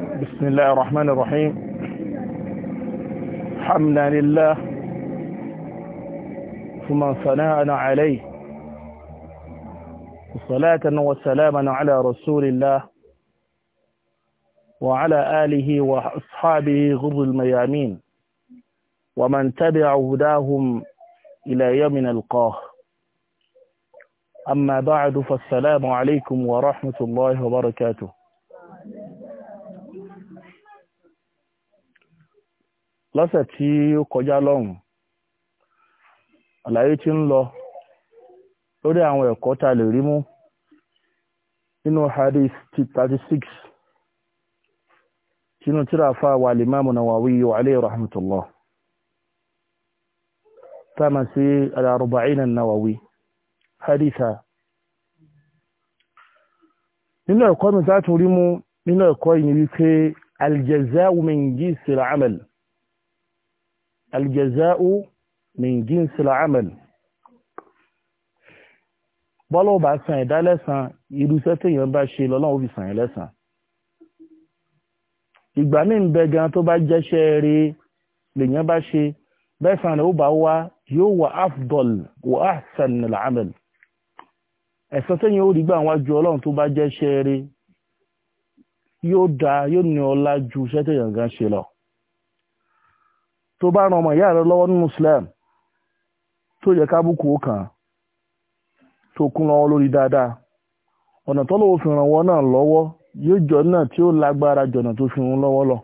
بسم الله الرحمن الرحيم حمدا لله ثم ثناء عليه صلاة وسلاما على رسول الله وعلى آله وأصحابه غر الميامين ومن تبع هداهم إلى يوم القاه أما بعد فالسلام عليكم ورحمة الله وبركاته lọ́sẹ̀ tí ó kọjá lọ́hùn àlàyé tí ń lọ lórí àwọn ẹ̀kọ́ tá a lè rí mú nínú hadith ti 36 sínú tíráfà wà limamu Nawawi wa alayhi rahmatullah táàmà sí al-arba'in an-Nawawi haditha nínú ẹ̀kọ́ mi tá tún rí mú nínú ẹ̀kọ́ yìí wípé al-jaza'u min jinsil amal الجزاء min jinsil amal bọ́lọ́ bá san ẹ̀dá lẹ́san irúṣẹ́ téèyàn bá ṣe lọ́lọ́run fi san ẹ̀ lẹ́san ìgbà míì ń bẹ gan tó bá jẹ́ṣẹ́ rí lèèyàn bá ṣe bẹ́sàn rẹ̀ ó bá wá yóò wà afdol wà ahsan nil amal ẹ̀san téèyàn ó rí gbà wájú ọlọ́run tó bá jẹ́ṣẹ́ rí yóò dáa yóò ní ọlá ju iṣẹ́ téèyàn gan ṣe lọ tó bá ọmọ ìyá rẹ lọ́wọ́ nínú Islam tó yẹ kábùkù tó kún dáadáa ọ̀nà tó fi ràn wọ́n náà lọ́wọ́ yóò jọ náà tí ó lágbára jọ̀nà tó fi lọ́wọ́ lọ.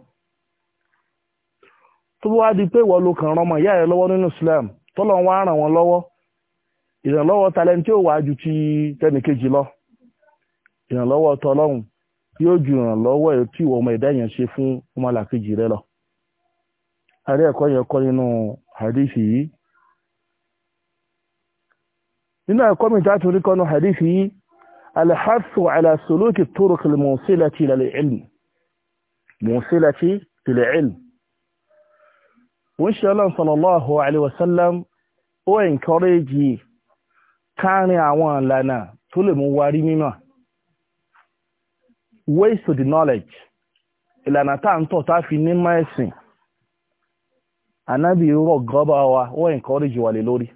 tó bá di pé ìwọ ló kàn ọmọ ìyá rẹ lọ́wọ́ nínú Islam tọ́lọ́ wá ràn wọ́n lọ́wọ́ ìrànlọ́wọ́ talẹ́ni tí ó wà ju ti tẹnìkejì lọ ìrànlọ́wọ́ yóò ju àrí ẹ̀kọ́ yẹn kọ́ nínú hadithi yìí nínú ẹ̀kọ́ mi tààtù rí kọ́nù hadithi yìí alhassu ala suluki turuq al-musilati ila al-ilm musilati ila al-ilm wọ́n ṣe ọlọ́n sallallahu alaihi ó encourage káàrin àwọn ìlànà tó lè mú wárí mímọ̀ ways to the knowledge ìlànà táà ń tọ̀ tá fi ní mẹ́sìn anábì rọ̀ gọ́bà wa wọ́n encourage wà lè lórí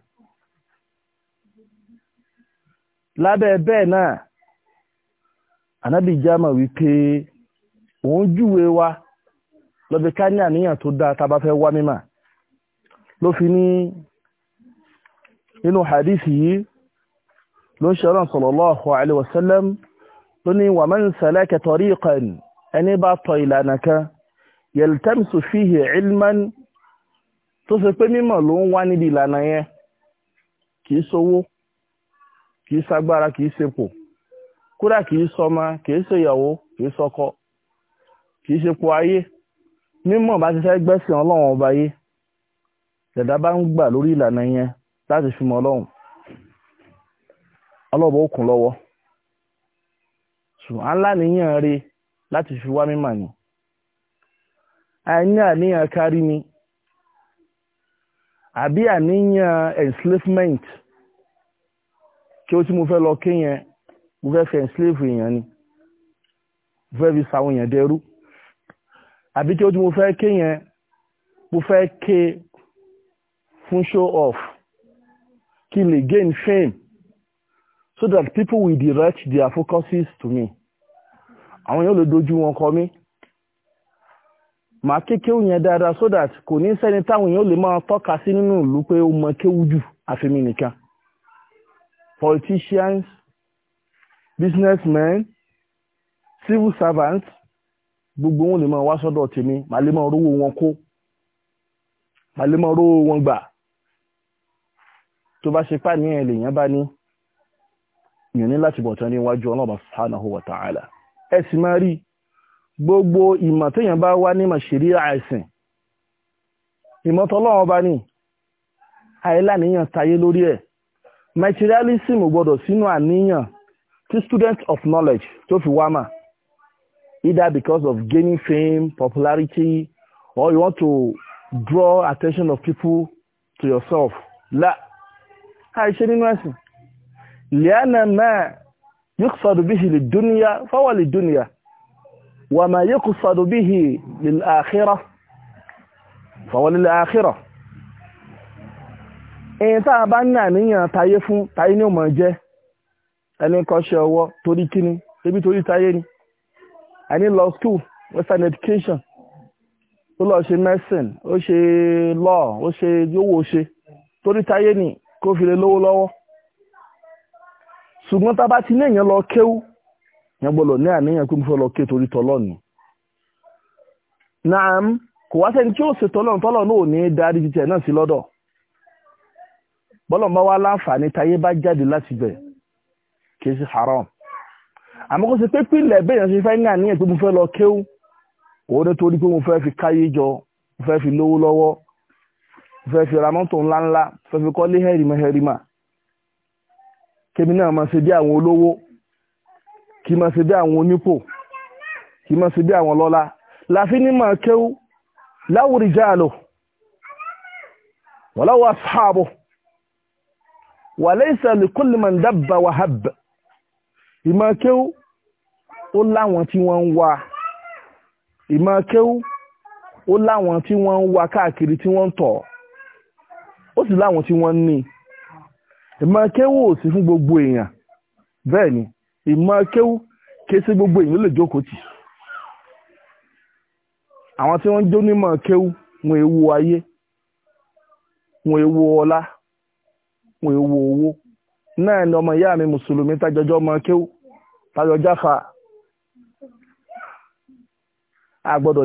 lábẹ́ bẹ́ẹ̀ náà anábì jámà wípé òun júwe wa lọ́bẹ̀ ká ní àníyàn tó dáa tá bá fẹ́ wá mímà ló fi ní nínú hadithi yìí ló ń ṣẹ́rọ̀ sallallahu alaihi wasallam tó ṣe pé mímọ̀ ló ń wá níbi ìlànà yẹn kì í sowó kì í sagbára kì í sepò kódà kì í sọmọ kì í ṣèyàwó kì í sọkọ kì í sepò ayé mímọ̀ bá ti fẹ́ gbẹ́sìn ọlọ́run ọba yé dẹ̀dá bá ń gbà lórí ìlànà yẹn láti fi mọ ọlọ́run ọlọ́bọ̀ òkun lọ́wọ́ ṣùgbọ́n rí láti fi wá mímọ̀ ni àìní àníyàn kárí àbí àníyàn enslavement kí ó tí mo fẹ́ lọ kí yẹn mo fẹ́ fi enslave èèyàn ni mo fẹ́ fi sàwọn èèyàn dẹrú àbí kí ó tí mo fẹ́ kí yẹn mo fẹ́ ké fún show off kí n lè gain fame so that people will direct their focuses to me àwọn yóò lè dojú wọn kọ mí màá ké kéwù yẹn dáadáa so that kò ní sẹ́ni táwọn èèyàn lè máa tọ́ka sí nínú ìlú pé ó mọ kéwù jù àfihàn nìkan politicians businessmen civil servants gbogbo wọn lè máa wá sọ́dọ̀ tèmi màá lè máa rówó wọn kó màá lè máa rówó wọn gbà tó bá ṣe pà ní lèèyàn bá ní yìí láti bọ̀tán níwájú ọlọ́ọ̀bà subhanahu wa ta'ala ẹ sì máa rí i gbogbo ìmọ̀ téèyàn bá wá ní màṣírí àìsìn ìmọ̀tọ́lọ́wọ́n bá ní àìláníyàn tayé lórí ẹ̀ materialism gbọ́dọ̀ sínú àníyàn tí student of knowledge tó fi wá mà either because of gaining fame popularity or you want to draw attention of people to yourself la àìṣe nínú ẹ̀sìn lẹ́yìn náà yóò sọ̀rọ̀ bí ṣe lè dúnìyà fáwọn lè dúnìyà. وما يقصد به للآخرة فهو للآخرة ẹ̀yìn tá a bá ní àníyàn tayé fún tayé ní ọmọ jẹ́ ẹni kọ́ṣẹ́ ọwọ́ torí kíní ebi torí tayé ni àní lọ school western education ó lọ ṣe medicine ó ṣe law ó ṣe yówó ṣe torí tayé ni kó fi lè lówó lọ́wọ́ ṣùgbọ́n tá a bá ti ní èèyàn lọ kéwú yẹn gbọ́dọ̀ ní àníyàn pé mo fẹ́ lọ ké torí tọ́lọ́ọ̀nù naam kò wá sẹ́ni tí ó ṣe tọ́lọ́ọ̀nù tọ́lọ́ọ̀nù ò ní darí jíjẹ náà sí lọ́dọ̀ bọ́lọ̀ bá láǹfààní táyé bá jáde láti bẹ̀ kì í ṣe haram àmọ́ kó ṣe pé pínlẹ̀ bẹ́yàn ṣe fẹ́ ní àníyàn pé mo fẹ́ lọ kéwú òun ní torí pé mo fẹ́ fi káyé jọ mo fẹ́ fi lówó lọ́wọ́ mo fẹ́ fi ra mọ́tò ńláńlá mo fẹ́ fi kọ́lé hẹ́rìmọ́ kì í máa ṣe bí àwọn onípò kì í máa ṣe bí àwọn lọ́lá láfi ní máa kéwú láwùrìjáàlò wàláwà sáàbò wà lẹ́sà lè kúlù mọ̀ dábà wà hábà ìmá kéwú ó láwọn tí wọ́n ń wá ìmá kéwú ó láwọn tí wọ́n ń wá káàkiri tí wọ́n ń tọ̀ ó sì láwọn tí wọ́n ń ní ìmá kéwú ò sí fún gbogbo èèyàn bẹ́ẹ̀ ni ìmọ̀ kéwú kése gbogbo èyí ló lè jókòó tì àwọn tí wọ́n jó jónímọ̀ kéwú wọn èwo ayé wọn ọlá wọn owó náà ni ọmọ ìyá mi mùsùlùmí tájọjọ́ ọmọ kéwú tájọ jáfa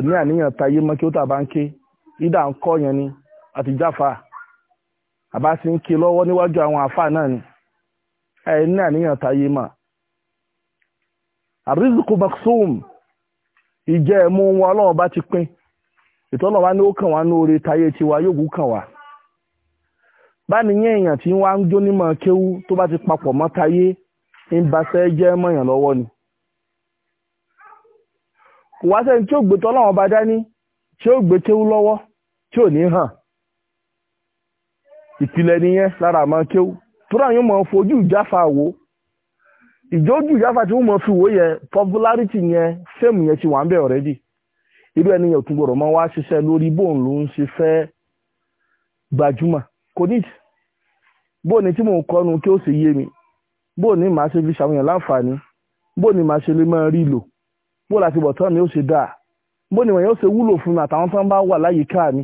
ní àníyàn ń ni àti jáfa àbá ń ké lọ́wọ́ níwájú àwọn àáfàá náà ni ẹ̀ àrísìkò maxum ìjẹ́ ẹ̀mú wọn ọlọ́run bá ti pín ìtọ́nà wa ní ó kàn wá ní oore tayé tiwa yóò gùn kàn wá bá nìyẹn èèyàn tí wọ́n á ń jó nímọ̀ kéwú tó bá ti papọ̀ mọ́ tayé ń baṣẹ́ jẹ́ mọ̀yàn lọ́wọ́ ni kò wá sẹ́ni tí ó gbé tọ́lọ́run bá dání tí ó gbé kéwú lọ́wọ́ tí ò ní hàn ìpìlẹ̀ nìyẹn lára àmọ́ kéwú tó ráyìn mọ̀ fojú ìjáfa wo ìjójú ìyáfà tí wọ́n mọ̀ fi wò yẹn popularity yẹn fẹ́ẹ̀mù yẹn ti wà ń bẹ̀ already irú ẹni yẹn ò tún gbọ́dọ̀ mọ́ wá ṣiṣẹ́ lórí bóun ló ń ṣe fẹ́ gbajúmọ̀ kò ní bóun ni tí mò ń kọ́nu kí ó sì yé mi bóun ni màá ṣe fi ṣàmúyàn láǹfààní bóun ni màá ṣe lè máa rí lò bóun láti bọ̀ tán ni ó ṣe dáa bóun ni wọ̀nyẹn ó ṣe wúlò fún mi àtàwọn tán bá wà láyìíká mi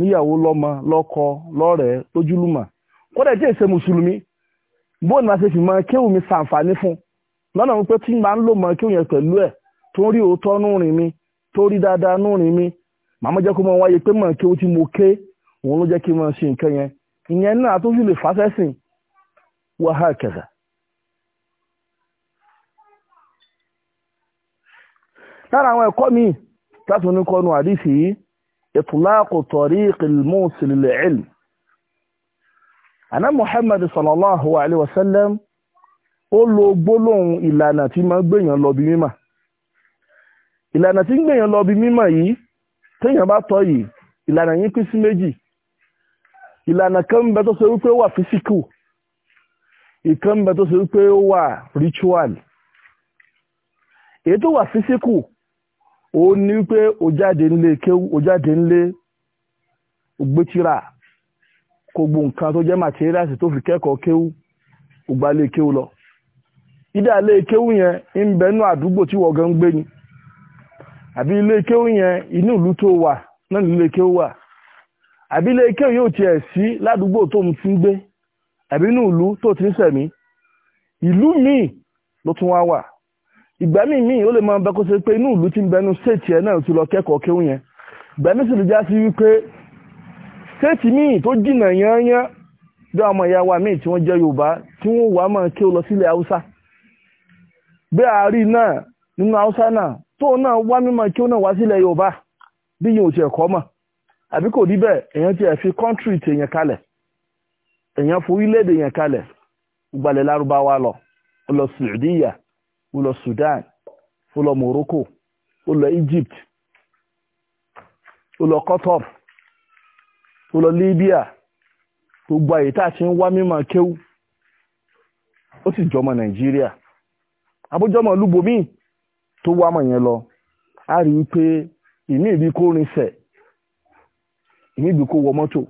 níyàwó lọ́mọ lọ́kọ lọ́rẹ̀ẹ́ lójúlùmọ̀ kódà tí èsè mùsùlùmí bóun máa ṣe fi mọ kéwù mi ṣàǹfààní fún lọ́nà wípé tí n bá ń lò mọ kéwù yẹn pẹ̀lú ẹ̀ tó ń rí òótọ́ nù rìn mi tó rí dáadáa nù rìn mi màmá jẹ́ kó mọ wáyé pé mọ̀ kéwù tí mo ké òun ló jẹ́ kí n mọ ṣe nǹkan yẹn ìyẹn náà tó sì lè fàṣẹ́sìn wàhálà kẹsà. lára àwọn ẹ̀kọ́ mi látùnú kọnu àdìsí ìtùlákù tọ̀rí ìkìlmù sílẹ̀ àná muhammad sallallahu alayhi wa sallam ó lo gbólóhùn ìlànà tí máa gbèyàn lọ bí mímọ̀ ìlànà tí ń gbèyàn lọ bí mímọ̀ yìí téèyàn bá tọ́ yìí ìlànà yín pín sí méjì ìlànà kan ń bẹ tó ṣe wípé ó wà físíkù ìkan bẹ tó ṣe wípé ó wà ritual èyí tó wà físíkù òun ni wípé ó jáde ńlé kéwú ó jáde ńlé ó kò gbò nǹkan tó jẹ́ materials tó fi kẹ́kọ̀ọ́ kéwú ògbà lè kéwú lọ ìdá ilé kéwú yẹn ń bẹnu àdúgbò tí wọ́n gan ń gbé ni àbí ilé kéwú yẹn inú ìlú tó wà náà nílé kéwú wà àbí ilé kéwú yóò tiẹ̀ sí ládùúgbò tó ń ti ń gbé àbí inú ìlú tó ti ń sẹ̀mí ìlú míì ló tún wá wà ìgbà míì míì ó lè máa bẹ kó ṣe pé inú ìlú ti ń bẹnu séètì ẹ náà ti lọ kẹ́kọ̀ọ́ kéwú yẹn ìgbà míì sì lè já sí wípé séètì míì tó jìnnà yányán bí àwọn ìyá wa míì tí wọ́n jẹ́ yorùbá tí wọ́n wà máa kí ó lọ sílẹ̀ haúsá bí àárí náà nínú haúsá náà tó náà wá mímọ kí ó náà wá sílẹ̀ yorùbá bí yìí ò tiẹ̀ kọ́ mọ̀ àbí kò rí bẹ́ẹ̀ èèyàn tiẹ̀ fi kọ́ńtírì tèèyàn kalẹ̀ èèyàn forílẹ̀-èdè yẹn kalẹ̀ gbalẹ̀ lárúbáwá lọ ó lọ Saudiya ó lọ Sudan ó lọ Morocco ó lọ Egypt ó lọ Qatar tó lọ Libya gbogbo àyè tá a ti ń wá mímọ̀ kéwú ó sì jọmọ Nàìjíríà abójọmọ lúbomi tó wá mọ̀ yẹn lọ a rí i pé ìní ìbí kó rinṣẹ̀ ìní ìbí kó wọ mọ́tò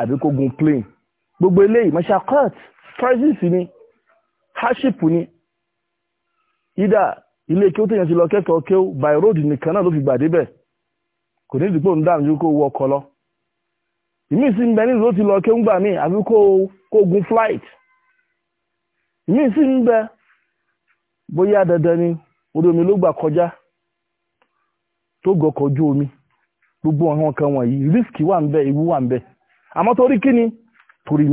àbí kó gun plane gbogbo eléyìí mashakot crisis ni hardship ni ida ilé kí ó tẹ̀yàn ti lọ kẹ́kọ̀ọ́ kí by road nìkan náà ló fi gbà débẹ̀ kò ní ìdìpọ̀ ń dáhùn ju kó wọ ọkọ̀ lọ ìmí si ń bẹ nílùú ó ti lọ kéńgbà míì àbí kó flight ìmí sì ń bẹ bóyá dandan ni orí omi ló gbà kọjá tó ojú omi gbogbo àwọn kan wọ̀nyí rísìkì wà ń bẹ ewu wà ń bẹ àmọ́ torí kí ni torí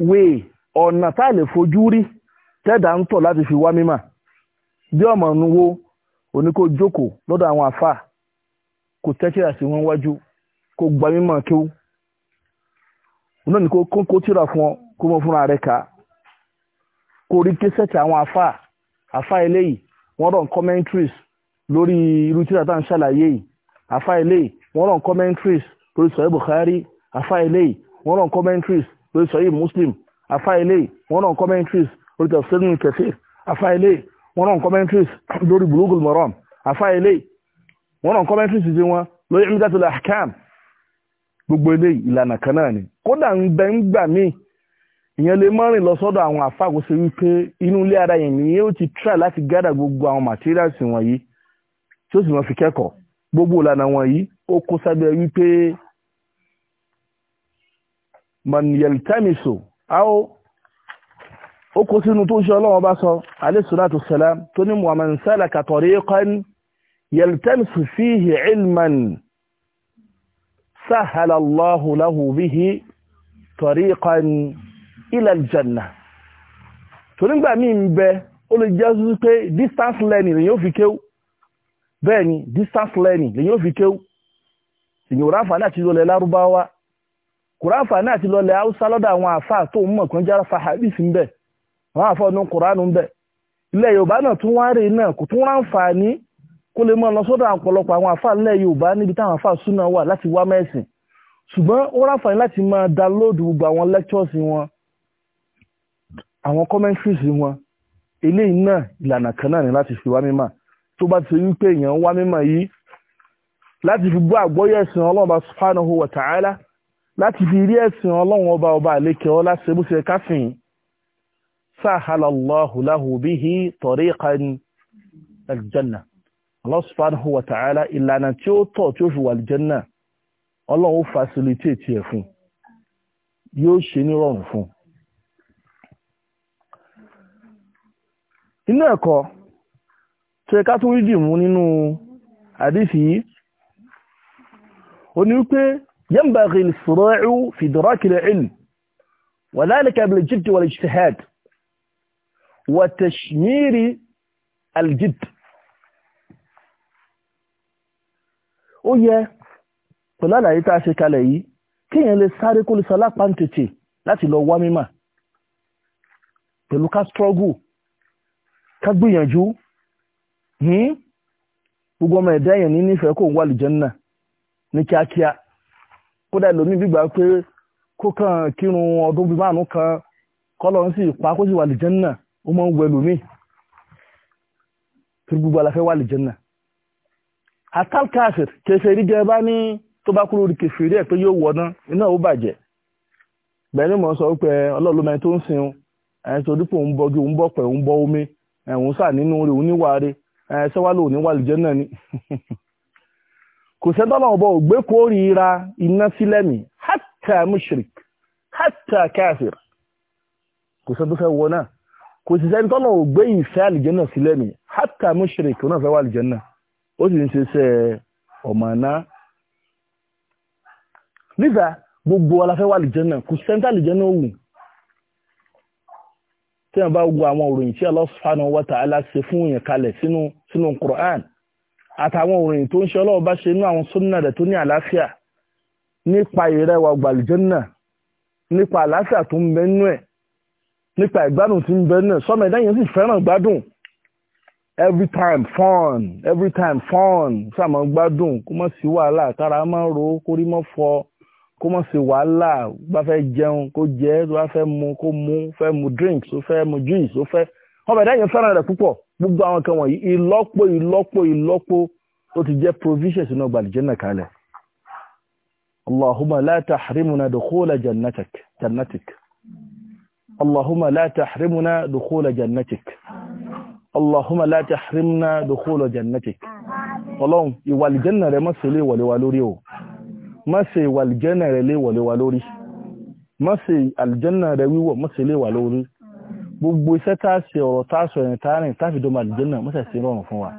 way ọ̀nà tá a lè fojú rí fi wá bí ọmọ nu wo òní kò jókòó lọ́dọ̀ àwọn àfà kò tẹ́tíra sí wọn wájú kò gba mímọ̀ kíw náà ni kò kó tíra fún ọ kó mọ fúnra rẹ ká kò rí késẹ̀tì àwọn àfà àfà eléyìí wọ́n rọ̀ commentaries lórí irú tíra tá à ń ṣàlàyé yìí àfà eléyìí wọ́n rọ̀ commentaries lórí sọ̀rọ̀ Bukhari àfà eléyìí wọ́n rọ̀ commentaries lórí sọ̀rọ̀ Muslim àfà eléyìí wọ́n rọ̀ commentaries lórí tafsir Kathir àfà eléyìí wọ́n rán commentaries lórí bulugul maram afa eléyìí wọ́n rán commentaries ti wọn lórí la hakam gbogbo eléyìí ìlànà kan náà ni kódà ń bẹ ń gbà míì ìyẹn lè mọ́rin lọ sọ́dọ̀ àwọn àfáàkó ṣe wípé inú ilé ara yẹn ni yóò ti try láti gádà gbogbo àwọn materials wọ̀nyí tí ó sì máa fi kẹ́kọ̀ọ́ gbogbo ìlànà wọ̀nyí ó kó sábẹ́ wípé man yaltamisu aw ó kó sínú tó ṣe ọlọ́wọ́ bá sọ alẹ́sùlátù sẹ́lám tó ní muhammad sálàkà tariqan yaltamisu fihi ilman sahalallahu lahu bihi tariqan ila aljanna tó nígbà míì ń bẹ ó lè jẹ́ sí pé distance learning lèyìn ó fi kéw bẹ́ẹ̀ ni distance learning lèyìn ó fi kéw ìyìn òráfà náà ti lọ lárúbáwá kòráfà náà ti lọ haúsá lọ́dọ̀ àwọn àfáà tó ń mọ̀ kan jára fàhábì sí ń bẹ́ẹ̀ wọ́n àfọ́nú kùránù ń bẹ̀ ilẹ̀ yorùbá náà tún wá rí náà kò tún ráǹfààní kó lè mọ́ lọ sọ́dọ̀ ọ̀pọ̀lọpọ̀ àwọn àfáà ilẹ̀ yorùbá níbi táwọn àfáà súnà wà láti wá mẹ́sìn ṣùgbọ́n ó ráǹfààní láti máa download gbogbo àwọn lectures wọn àwọn commentaries wọn eléyìí náà ìlànà kan náà ni láti fi wá mímọ̀ tó bá ti rí pé èèyàn wá mímọ̀ yìí láti fi gbọ́ àgbọ́yé ẹ̀sìn ọlọ́run ọba subhanahu wa láti fi rí ẹ̀sìn ọlọ́run ọba ọba àlékè ọlá ṣe bó ṣe káfíìn سهل الله له به طريقا الجنة الله سبحانه وتعالى إلا نتيو تو تشوفوا الجنة الله فاسوليتي تيفون يو شيني رونفون إنه أكو تيكاتو ويدي مونينو أديسي ونوكي ينبغي الصراع في دراك العلم وذلك بالجد والاجتهاد wàtẹ̀ṣmírí aljid ó yẹ pẹ̀lú àlàyé tá a ṣe kalẹ̀ yìí kíyàn lè sáré kó lè sálápá tètè láti lọ wá mímà pẹ̀lú ká struggle ká gbìyànjú ní hmm? gbogbo ọmọ ẹ̀dá èèyàn ní nífẹ̀ẹ́ kó ń wà lùjànnà ní kíákíá kódà lómi gbígbà pé kó kàn kírun ọdún bíi márùn kan kọ́lọ́ ń sì pa kó sì wà lùjànnà ó máa ń wẹ lómi tó gbogbo aláfẹ́ wà lè jẹ́nà atal kafir kẹfẹ́rí jẹ́ bá ní tó bá kúrò rí kẹfẹ́rí ẹ̀ pé yóò wọ̀ náà iná ó bàjẹ́ bẹ̀rẹ̀ mọ̀ sọ pé ọlọ́ọ̀lọ́mọ tó ń sin ẹ̀ tó dípò ń bọ́gi ń bọ́ pẹ̀ ń bọ́ omi ẹ̀hún sà nínú rẹ̀ oníwàre ẹ̀ sẹ́wálò oníwà lè jẹ́nà ni kò sẹ́dọ́nà ọ̀bọ̀ ògbé kórìíra iná sílẹ̀mì hátà mushrik hátà kafir kò sẹ́dọ́ wọ náà kò sì sẹ́ni tọ́nà ò gbé ìfẹ́ àlìjẹ́nà sílẹ̀ mi hátà mushrik náà fẹ́ wà àlìjẹ́nà ó sì ń ṣiṣẹ́ ọmọ náà níta gbogbo aláfẹ́ wà àlìjẹ́nà kò sẹ́ni tá àlìjẹ́nà òwù tí wọ́n bá gbogbo àwọn òròyìn tí Allah subhanahu wa ta'ala ṣe fún yẹn kalẹ̀ sínú Qur'an àtàwọn òròyìn tó ń ṣe ọlọ́wọ́ bá ṣe inú àwọn súnnà rẹ̀ tó ní àlàáfíà nípa ìrẹwà gbàlìjẹ́nà nípa àlàáfíà tó ń bẹ nínú ẹ̀ nípa ìgbádùn tí ń bẹ náà sọmọ ẹ̀dá yẹn sì fẹ́ràn gbádùn every time fun every time fun sàmọ́ gbádùn kó má sí wàhálà tára má ro kórí má fọ kó má sí wàhálà bá fẹ́ jẹun kó jẹ tó bá fẹ́ mu kó mu fẹ́ mu drink tó fẹ́ mu juice tó fẹ́ ọmọ ẹ̀dá yẹn fẹ́ràn rẹ̀ púpọ̀ gbogbo àwọn kan wọ̀nyí ìlọ́po ìlọ́po ìlọ́po ó ti jẹ́ provision sínú ọgbà àlìjẹ́nà kalẹ̀ allahumma la tahrimuna dukhula jannatik jannatik اللهم لا تحرمنا دخول جنتك اللهم لا تحرمنا دخول جنتك ọlọ́run يوالجنة ما rẹ má ما lé wọlé wa lórí o má ṣe ìwà àlìjẹ́nà rẹ lé wọlé wa lórí má ṣe àlìjẹ́nà rẹ wíwọ̀ má ṣe lé wà lórí gbogbo iṣẹ́ tá ṣe ọ̀rọ̀ tá a sọ ẹ̀yìn rìn tá a fi dọ́mọ àlìjẹ́nà rọrùn fún wa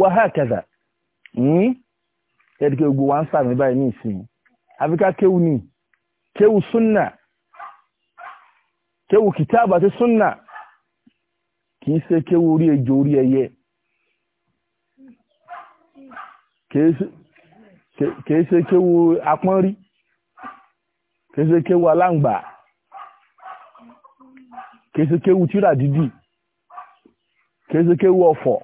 wà á kẹta ẹ̀ẹ́dẹ́gbẹ̀ gbogbo wa sàmì báyìí ní ìsìn àfikà kéwù ní kéwù súnà kéwù kìtáàbù àti súnà kìí ṣe kéwù orí ejò orí ẹyẹ kìí ṣe kéwù apọ́nrí kìí ṣe kéwù aláǹgbà kìí ṣe kéwù tírà dídì kìí ṣe kéwù ọ̀fọ̀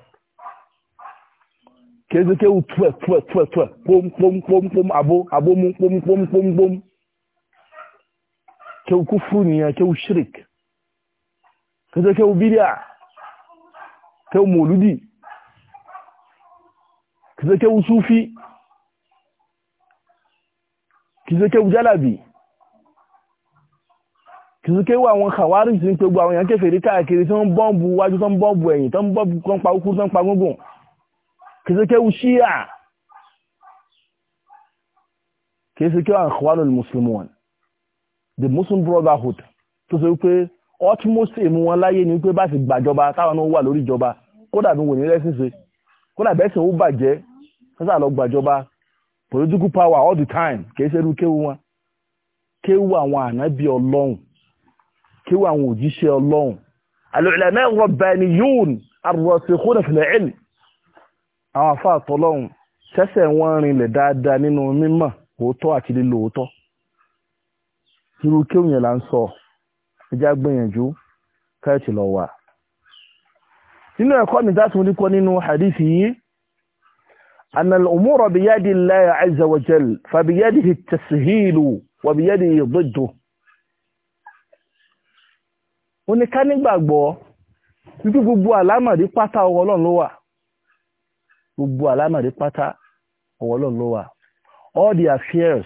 kìí ṣe kéwù tuẹ̀ tuẹ̀ tuẹ̀ tuẹ̀ pom pom pom pom abo abo mu pom pom pom kéwú kúfúrú nìyẹn kéwú shirik kéwú kéwú bídíà kéwú mòlúdì kéwú súfí kéwú jálàbì kìsíké wà àwọn kàwárí sí pé gbogbo àwọn èèyàn kèfèrí káàkiri tí wọ́n bọ́ǹbù wájú tó ń bọ́ǹbù ẹ̀yìn tó ń bọ́ǹbù kan pa okú tó ń pa gúngùn kìsíké wù ṣíyà kìsíké wà àwọn kàwárí mùsùlùmí wọn the muslim brotherhood tó ṣe wípé utmost èmú wọn láyé ni wípé bá ti gbàjọba táwọn náà wà lórí ìjọba kódà bí wòye lẹ́sìn ṣe kódà bẹ́ẹ̀ sì ń bàjẹ́ sọ́sà lọ gbàjọba political power all the time kìí ṣe irú kéwu wọn kéwu àwọn ànábì ọlọ́run kéwu àwọn òjíṣẹ́ ọlọ́run al-ulama ar-rabbaniyun ar-rasikhuna fil-ilm àwọn afáàtọ̀ ọlọ́run ṣẹ̀ṣẹ̀ wọ́n rinlẹ̀ dáadáa nínú mímọ̀ òótọ́ àti lílo òótọ́ irú kéwù yẹn là ń sọ ẹjá gbìyànjú káyọ̀tì lọ wà nínú ẹ̀kọ́ mi dáàtún ní kọ́ nínú hadith yìí أن الأمور بيد الله عز وجل فبيده التسهيل وبيده ضده ó ní ká nígbàgbọ́ wípé gbogbo àlámọ̀rí pátá ọwọ́ Ọlọ́run ló wà gbogbo àlámọ̀rí pátá ọwọ́ Ọlọ́run ló wà all the affairs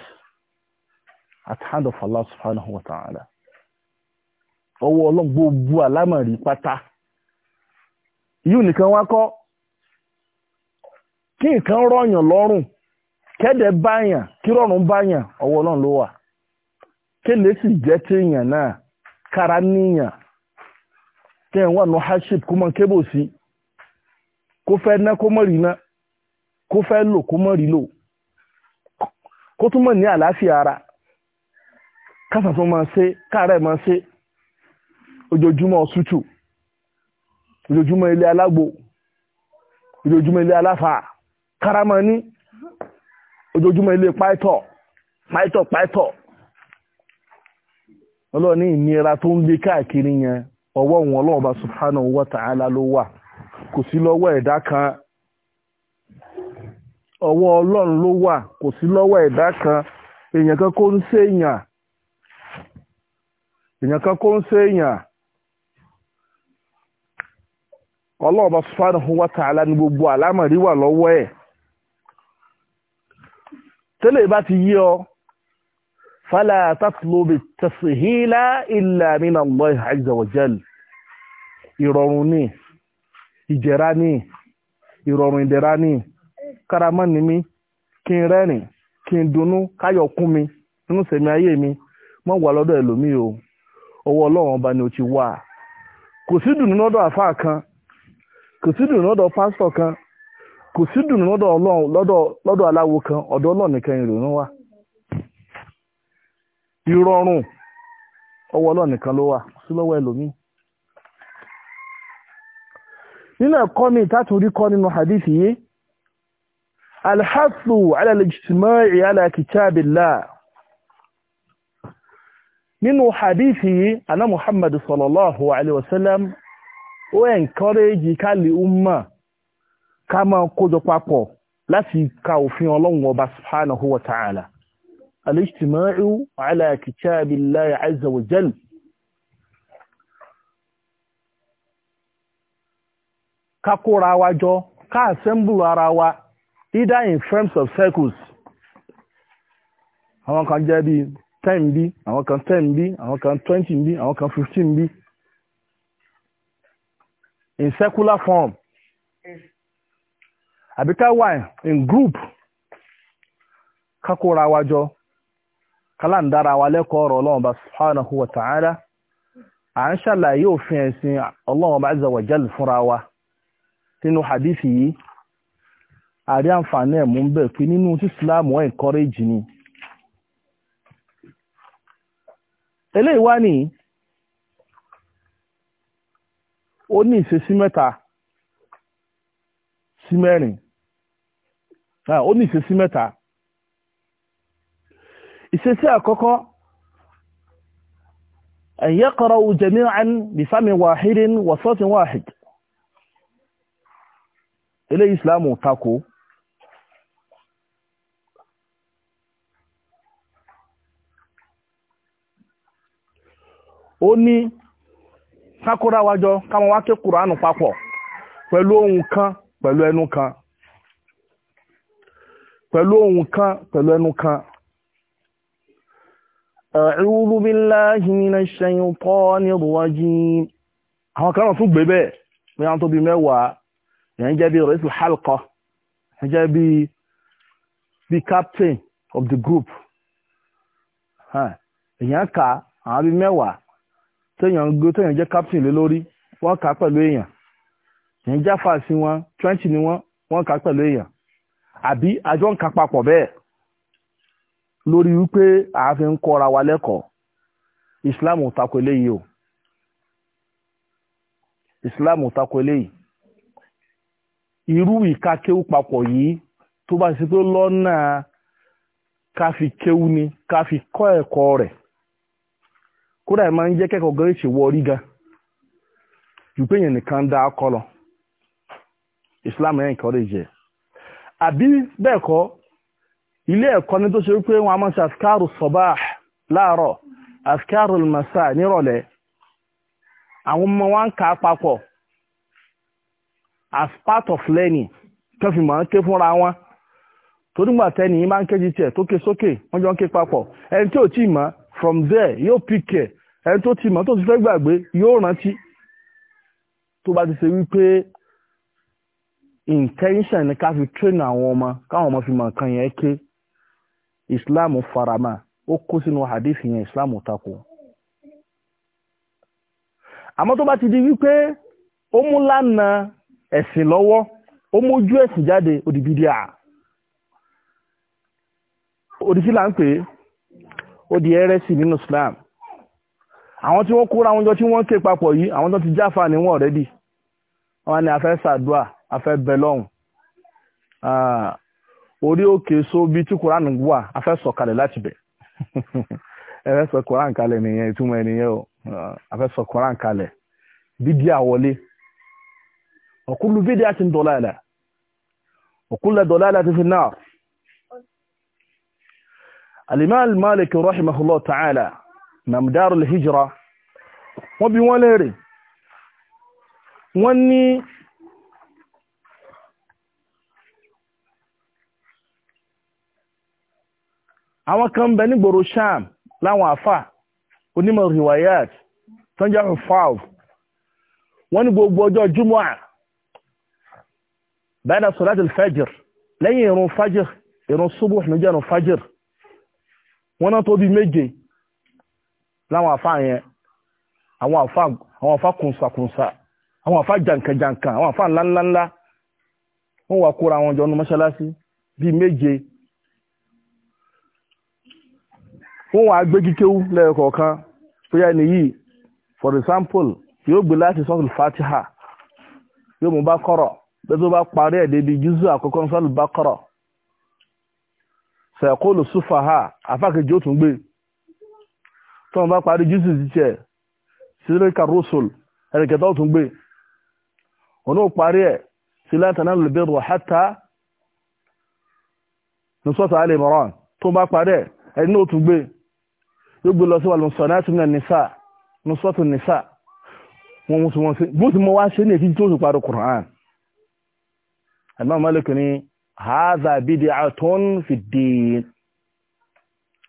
at hand of Allah subhanahu wa ta'ala ọwọ́ ọlọ́run gbogbo àlámọ̀rí pátá yíò nìkan wá kọ́ kí nǹkan rọ̀yàn lọ́rùn kẹ́dẹ̀ báyàn kí rọ̀rùn báyàn ọwọ́ ọlọ́run ló wà kéle sì jẹ́ téèyàn náà kára níyàn hardship ná kó mọ̀ rí ná ara kásà tó máa ṣe káàárẹ̀ máa ṣe ojoojúmọ́ ọ̀sútù ojoojúmọ́ ilé alágbo ojoojúmọ́ ilé aláfà kárámání ojoojúmọ́ ilé páìtọ̀ páìtọ̀ páìtọ̀ ọlọ́ọ̀ni ìnira tó ń lé káàkiri yẹn ọwọ́ òun ọlọ́run bá subhanahu wa ta'ala ló wà kò sí lọ́wọ́ ẹ̀dá kan ọwọ́ ọlọ́run ló wà kò sí lọ́wọ́ ẹ̀dá kan èèyàn kan kó ń ṣèyàn èèyàn kan kó ń ṣe èèyàn ọlọ́ọ̀bá subhanahu wa ta'ala ní gbogbo àlámọ̀rí wà lọ́wọ́ ẹ̀ tẹ́lẹ̀ bá ti yí ọ fala tatlubi tashila illa min Allah azza wa ìrọ̀rùn ní ìjẹ̀ra ní ìrọ̀rùn ìdẹ̀ra ní karama ní mi kí n rẹ́rìn kí n dunnú káyọ̀ mi nínú sẹ̀mí ayé mi mọ́ wà lọ́dọ̀ ẹlòmíì o ọwọ́ ọlọ́run ọba ni ó ti wà kò sí dùnú lọ́dọ̀ àfáà kan kò sí dùnú lọ́dọ̀ pásítọ̀ kan kò sí dùnú lọ́dọ̀ ọlọ́run lọ́dọ̀ lọ́dọ̀ aláwo kan ọ̀dọ̀ ọlọ́run nìkan ìrònú wà Ìrọrùn ọwọ́ ọlọ́run nìkan ló wà sí lọ́wọ́ ẹlòmíì nínú ẹ̀kọ́ mi ìtàtún rí kọ́ nínú hadithi yìí alhassu ala al-ijtima'i ala kitabillah nínú hadithi ana muhammadu sallallahu alaihi wasallam ó encourage kálí umma ká máa kójọ papọ̀ láti ka òfin ọlọ́run ọba subhanahu wa ta'ala al-ijtima'u ala kitabillahi azza wa jal ká kóra wa jọ ká assemble ara wa either in terms of circles àwọn kan jẹ́ bíi ten bí àwọn kan ten bí àwọn kan twenty bí àwọn kan fifteen bí in secular form àbí ká wà in group ká kóra wa jọ kálàndára wa lẹ́kọ̀ọ́ ọ̀rọ̀ ọlọ́run bá subhanahu wa ta'ala à ń ṣàlàyé òfin ẹ̀sìn ọlọ́run bá azza wa jal fúnra wa nínú hadith yìí àrí àǹfààní ẹ̀mú ń bẹ̀ pé nínú islam wọ́n encourage ni eléyìí wá nìyí ó ní ìṣesí mẹ́ta sí mẹ́rin ó ní ìṣesí mẹ́ta ìṣesí àkọ́kọ́ an yaqra'u jami'an bi fami wahidin wa sawtin wahid eléyìí ìsìlámù tako ó ní kákóra wájọ káwọn wá ké kùránù papọ̀ pẹ̀lú ohun kan pẹ̀lú ẹnu kan pẹ̀lú ohun kan pẹ̀lú ẹnu kan a'udhu billahi minash shaytanir rajim àwọn kan tún gbé bẹ́ẹ̀ bí wọ́n tó bí mẹ́wàá yẹn jẹ́ bí rẹ́sì halqa yẹn jẹ́ bí bí captain of the group èèyàn ka àwọn bí mẹ́wàá téèyàn ń gbé téèyàn jẹ́ captain lé lórí wọ́n kà á pẹ̀lú èèyàn èèyàn jáfa sí wọn trench ni wọ́n wọ́n kà á pẹ̀lú èèyàn àbí àjọ ń kà papọ̀ bẹ́ẹ̀ lórí wípé ààfin ń kọ́ra wa lẹ́kọ̀ọ́ Islam ò takò eléyìí o Islam ò takò eléyìí irú ìka kéwù papọ̀ yìí tó bá ṣe pé lọ́nà ká fi kéwú ni ká kọ́ ẹ̀kọ́ rẹ̀ kódà ẹ̀ máa ń jẹ́ kẹ́kọ̀ọ́ gan ṣe wọ orí ju pé èèyàn nìkan dá ọkọ lọ Islam ẹ̀ encourage ẹ̀ àbí bẹ́ẹ̀ kọ́ ilé ẹ̀kọ́ ní tó ṣe a máa ṣe àsìkáàrù sabah láàárọ̀ àsìkáàrù masa nírọ̀lẹ́ àwọn ọmọ wa kà á papọ̀ as part of learning kẹfì máa ń ké fúnra wọn torí gbà tẹ́ni yín máa ń ké tiẹ̀ tó ké sókè wọ́n jọ ń ké papọ̀ ẹni tí ò tí ì mọ̀ from there yóò ẹni tó ti mọ̀ tó ti fẹ́ gbàgbé yóò rántí tó bá ti ṣe wípé intention ni ká fi train àwọn ọmọ káwọn ọmọ fi mọ̀ nǹkan yẹn ké Islam farama ó kó sínú hadith yẹn Islam tako àmọ́ tó bá ti di wípé ó mú lánà ẹ̀sìn lọ́wọ́ ó mójú ẹ̀sìn jáde òdìbídíà òdìsí là ń pè é ó di ẹrẹ́sì nínú Islam àwọn tí wọ́n kóra wọn jọ tí wọ́n ké papọ̀ yìí àwọn tó ti jáfa ni wọ́n ọ̀rẹ́dì wọ́n ní afẹ́ sàdúà afẹ́ bẹlọ́hùn orí òkè so bí tí koran wà afẹ́ sọ̀kalẹ̀ láti bẹ̀ ẹ̀rẹ́ sọ koran kalẹ̀ nìyẹn ìtumọ̀ ẹ̀nìyẹn o afẹ́ sọ koran kalẹ̀ bídí àwọlé ọ̀kúlù bídí àti dọ̀láìlà ọ̀kúlù dọ̀láìlà ti fi náà alimá Malik rahimahullah ta'ala namdarul hijra wọ́n bi wọ́n léèrè wọ́n ní àwọn kan ń bẹ nígboro sham láwọn àfà onímọ̀ riwayat tó ń jẹ́ fáw wọ́n ní gbogbo ọjọ́ jumu'a bẹ́ẹ̀dà sọ́láti fẹ́jìr lẹ́yìn ìrun fajr ìrun subuh ló jẹ́ ìrun fajr wọ́n náà tó bí méje láwọn àfáà yẹn àwọn àfáà àwọn àfáà kùnsàkùnsà àwọn àfáà jàǹkàjàǹkà àwọn àfáà ńláńláńlá wọ́n wà kóra àwọn jọ ní mọ́ṣáláṣí bíi méje wọ́n wà gbé kíkéwú lẹ́ẹ̀kọ̀ọ̀kan bóyá ẹni yìí for example yóò gbé láti sọ́ọ̀tù fatiha yóò mú bá kọ́rọ̀ bẹ́ẹ̀ tó bá parí ẹ̀ débi jùzù àkọ́kọ́ sọ́ọ̀tù bá kọ́rọ̀ sẹ̀kóòlù súfàhà àfáàkejì ó tún gbé tó wọ́n bá parí jésù ṣiṣẹ́ sílẹ̀kà rọ́sùl ẹ̀rẹ̀kẹta ọ̀tún gbé wọn ó parí ẹ̀ sílẹ̀ tàná lùbẹ́ rọ̀ hátà nùsọ́tà alẹ́ mọ̀ràn tó bá parí ẹ̀ ẹni ó tún gbé yóò gbé lọ sí wàlùm sọ̀nà tí wọ́n nìsà nùsọ́tù nìsà wọn mú ni haza bidi atun fi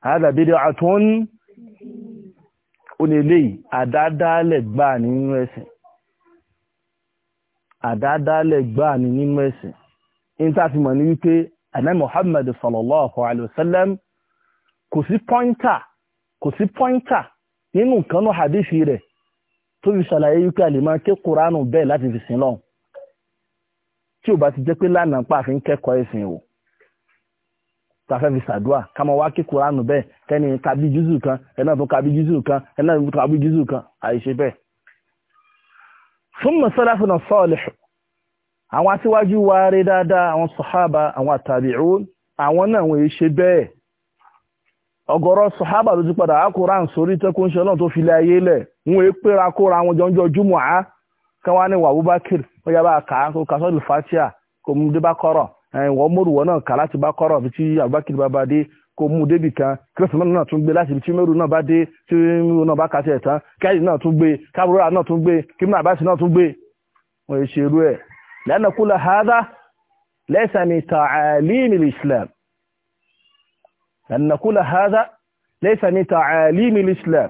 haza bidi ó ní eléyìí àdádálẹ̀ gbà nínú ẹ̀sìn àdádálẹ̀ gbà nínú ẹ̀sìn in ta fi mọ̀ ní wípé àná Muhammad sallallahu alaihi wasallam kò sí pọ́ńtà kò sí pọ́ńtà nínú nǹkan náà hadithi rẹ̀ tó fi ṣàlàyé wípé àlèmọ́ ké Kùránù bẹ́ẹ̀ láti fi sin lọ́hùn tí ò bá ti jẹ́ pé lánàá pàfin kẹ́kọ̀ọ́ ẹ̀sìn o tafẹ́ fi ṣàdúà kama wá kí kuránù bẹ́ẹ̀ kẹ́ni kabi jùzù kan ẹ̀nà tó kabi jùzù kan ẹ̀nà tó kabi jùzù kan àìṣe bẹ́ẹ̀. thumma salafuna salih àwọn aṣíwájú wa rí dáadáa àwọn sọ̀hábà àwọn àtàbíùn àwọn náà wọ́n ṣe bẹ́ẹ̀ ọ̀gọ̀rọ̀ sọ̀hábà ló ti padà á kuránù sórí tẹ́kùn ṣe náà tó fi lé ayé lẹ̀ wọ́n é péra kóra àwọn jọjọ júmọ̀ á káwọn wọ́n yá bá kó kà sọ́dún fatia wọ́n mórù wọn náà kà láti bá kọ́rọ̀ bí tí Abubakar bá bá dé kó mú débì kan kírọ́sìmọ́nù náà tún gbé láti ibi tí mẹ́rù náà bá dé tí mẹ́rù náà bá kàṣẹ ẹ̀tàn kẹ́yìn náà tún gbé kábúrò náà tún gbé kímínà àbáṣe náà tún gbé wọ́n yẹ ṣe irú ẹ̀ lẹ́nu kúlẹ̀ hádá laysa min ta'alim al-islam lẹ́nu kúlẹ̀ hádá laysa min ta'alim al-islam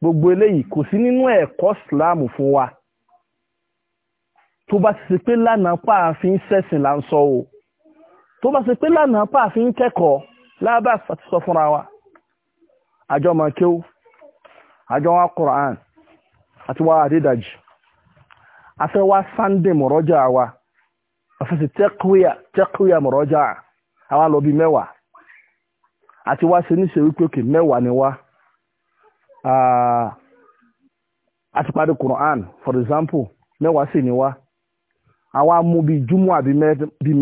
gbogbo eléyìí kò sí nínú ẹ̀kọ́ islam fún wa tó bá ti ṣe pé lánàá pààfin sẹ̀sìn là ń sọ o tó bá ṣe pé lánàá pààfin kẹ́kọ̀ọ́ lábẹ́ àti sọ fúnra wa àjọ màkéw àjọ wa Quran àti wa àdídàjì afẹ́ wa sunday mọ̀rọ́jà wa àfẹ́sẹ̀ tẹ́kúyà tẹ́kúyà mọ̀rọ́jà àwa lọ bí mẹ́wàá àti ṣe wípé òkè mẹ́wàá ni àti ah, parí Quran for example mẹ́wàá sì ni àwọn amú bíi júmọ́ àbí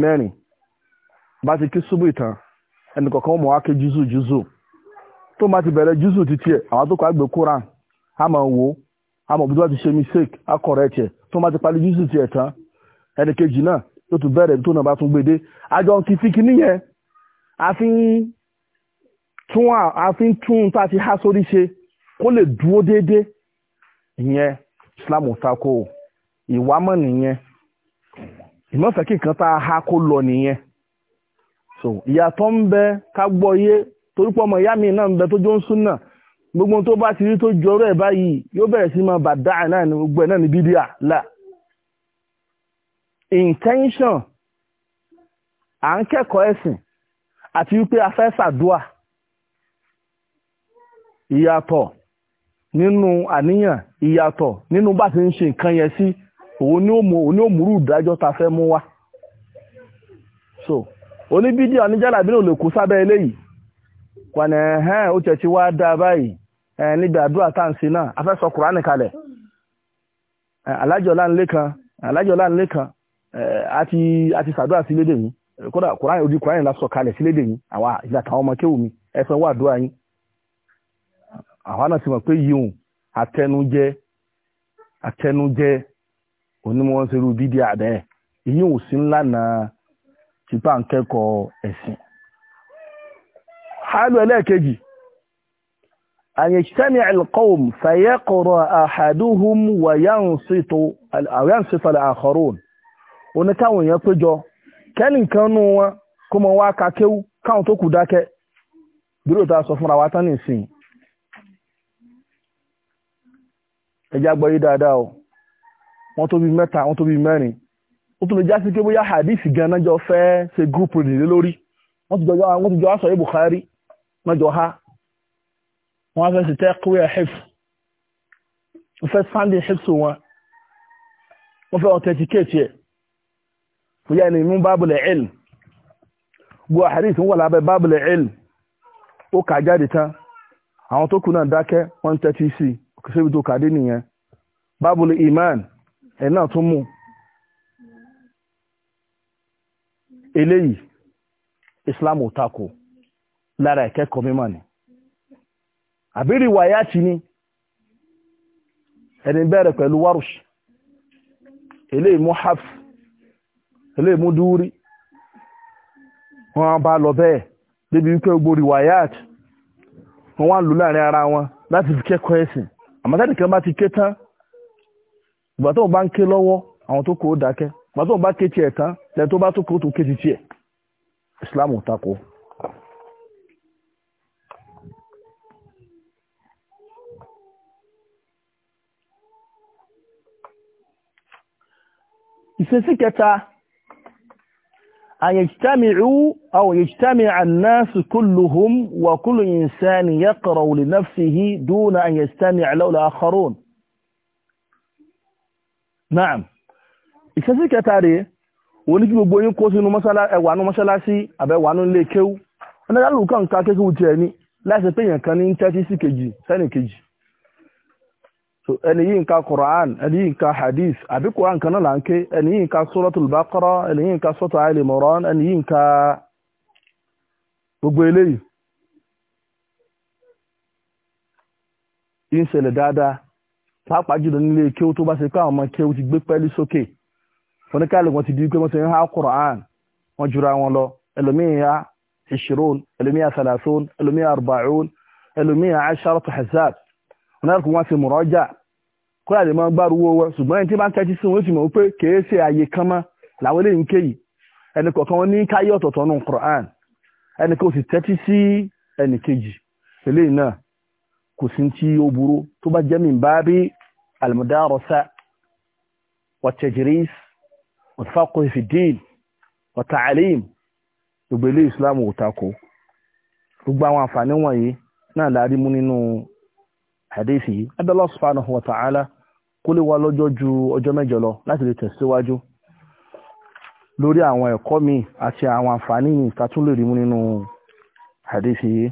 mẹ́rin bá ti kí ṣubú ìtàn ẹnì kọ̀ọ̀kan mọ̀ wá ké jùzù jùzù tó bá ti bẹ̀rẹ̀ jùzù títí ẹ̀ àwọn tó kọ́ àgbẹ̀ kúrán á máa wò ó á mọ̀ bí wọ́n ti ṣe mistake á correct ẹ̀ tó bá ti parí jùzù tiẹ̀ tán ẹnì kejì náà yóò tún bẹ̀rẹ̀ tó náà bá tún gbede àjọ kìfìkì nìyẹn àfi tún tá a ti há sórí ṣe kó lè dúró déédéé ìyẹn Islam tako ìwámọ̀ nìyẹn ìmọ̀fẹ́ kí nǹkan tá a há kó lọ nìyẹn so ìyàtọ̀ ń bẹ ká gbọ́ yé torí pọ́ ọmọ ìyá mi náà ń bẹ tó jó ń sún náà gbogbo tó bá ti rí tó jọrọ ẹ̀ báyìí yóò bẹ̀rẹ̀ sí máa bàdá náà ní gbogbo ẹ̀ náà ní bídíà là intention à ń kẹ́kọ̀ọ́ ẹ̀sìn àti wípé a fẹ́ ṣàdúà ìyàtọ̀ nínú àníyàn ìyàtọ̀ nínú bá ti ń ṣe nǹkan yẹn sí. Si òun ni ó múrú ìdájọ́ ta fẹ́ mú wá so oníbídíà oníjàlábí náà lè kú sábẹ́ eléyìí kwana ẹ̀hẹ́n ó tẹ̀sí wá dáa báyìí níbi àdúrà tá ń ṣe náà afẹ́sọ kùránì kalẹ̀ alájọlá ńlé kan alájọlá ńlé kan àti àti la kalẹ̀ sí àwa ọmọ kéwù mi yín àwa onímọ̀ wọn ṣerú bídí àbẹ́ èyí ò ńlá na títà ń ẹ̀sìn. hálù ẹlẹ́ẹ̀kejì àyẹ̀sẹ́mi alqawm fayaqra ahaduhum wa al oníkàwọn èèyàn péjọ kẹ́nì kan nú wọn kó mọ wá ka káwọn tó kù dákẹ́ dúró tá a sọ fúnra wa tán nìsín gbọ́ yí o. wọ́n tó bí mẹ́ta wọ́n tó bí mẹ́rin ó tún lè já sí pé bóyá hadith gan náà jọ fẹ́ ṣe group rìn lé lórí wọ́n ti jọ wọ́n ti jọ aṣọ Bukhari wọ́n jọ ha wọ́n á fẹ́ ṣe tẹ́ kúrẹ́ hif wọ́n fẹ́ sunday hif so wọn wọ́n fẹ́ authenticate yẹ bóyá ẹni mú bábùlẹ̀ ilm gbogbo hadith ń wà lábẹ́ bábùlẹ̀ ilm ó kà jáde tán àwọn tó kù náà dákẹ́ wọ́n tẹ́tí sí òkèsè ibi tó kà dé nìyẹn bábùlẹ̀ iman ẹ̀ náà tún mú eléyìí islam ò takò lára ìkẹ́kọ̀ọ́ mímọ̀ ni àbírí wàyáàtì ni ẹni bẹ̀rẹ̀ pẹ̀lú warush eléyìí mú haf eléyìí mú dúrí wọ́n bá lọ bẹ́ẹ̀ débi wípé gbórí wàyáàtì wọ́n wá lò láàrin ara wọn láti fi kẹ́kọ̀ọ́ ẹ̀sìn àmọ́tẹ́nìkan bá ti ké tán ìgbà tó bá ń ké lọ́wọ́ àwọn tó kó o dákẹ́ ìgbà tó bá ké tiẹ̀ tán lẹ́yìn tó bá tó kó o tó ké ti tiẹ̀ Islam ò takò. ìṣesí kẹta àyẹ̀jítàmìrú àwọn yẹ̀jítàmìrú annásu kulluhum wa kullu insani yaqra'u li nafsihi duna an yastami'a law la akharun naam ìṣesí kẹta rèé òun ní kí gbogbo yín kó sínú ẹwàánú mọ́ṣáláṣí àbẹ̀wàánú ilé kéwú ọ̀nàdàlù kan ká kéwú tiẹ̀ ni láìsí pé èèyàn kan ní tẹ́tí sí kejì sẹ́nì kejì ẹni yìí ń ka Quran ẹni yìí ń ka hadith àbí Quran kan náà là ń ké ẹni yìí ń ka Suratul Baqara ẹni yìí ń ka sọ́tọ̀ àìlè mọ̀rán ẹni yìí ń ka gbogbo eléyìí ń ṣẹlẹ̀ dáadáa pàápàá jùlọ nílé kéwú tó bá ṣe pé àwọn ọmọ kéwú ti gbé pẹ́ẹ́lí sókè oníkàlù wọn ti di pé wọ́n ti ń há Qur'an wọ́n jura wọn lọ ẹlòmíyà ìṣirún ẹlòmíyà sàlàsún ẹlòmíyà arba'un ẹlòmíyà asharatu hizab wọn náà kò wọ́n ti mùrọ́jà kó àlè máa gbárùwọ́ wọn ṣùgbọ́n ẹni tí bá ń tẹ́tí sí wọn ó sì mọ̀ pé kèé ṣe àyè làwọn eléyìí ń ké yìí ẹnì kọ̀ọ̀kan wọn ní káyé ọ̀tọ̀ọ̀tọ̀ nù Qur'an ẹnì kan ò tẹ́tí sí ẹnì kejì eléyìí náà kò sí ti ó burú tó bá jẹ́ mi bá rí المدارسة والتجريس والفقه في الدين والتعليم ìgbèlé ìsìláàmù òtakò gbogbo àwọn àǹfààní wọ̀nyí náà láàrí mú nínú hadisi yìí abẹ́lọ́ subhanahu wa ta'ala kó lè wá lọ́jọ́ ju ọjọ́ mẹ́jọ lọ láti lè tẹ̀síwájú lórí àwọn ẹ̀kọ́ mi àti àwọn àǹfààní yìí ta tún lè rí mú nínú hadisi yìí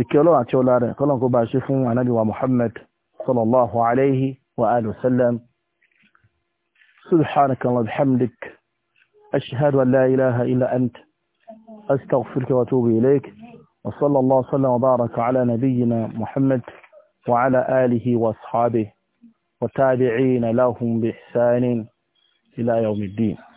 ìkẹ́ ọlọ́run àti ọlá rẹ̀ kọ́lọ́n kó bá ṣe fún anábìwa Muhammad صلى الله عليه وآله وسلم سبحانك الله بحمدك أشهد أن لا إله إلا أنت أستغفرك وأتوب إليك وصلى الله وسلم وبارك على نبينا محمد وعلى آله وأصحابه وتابعين لهم بإحسان إلى يوم الدين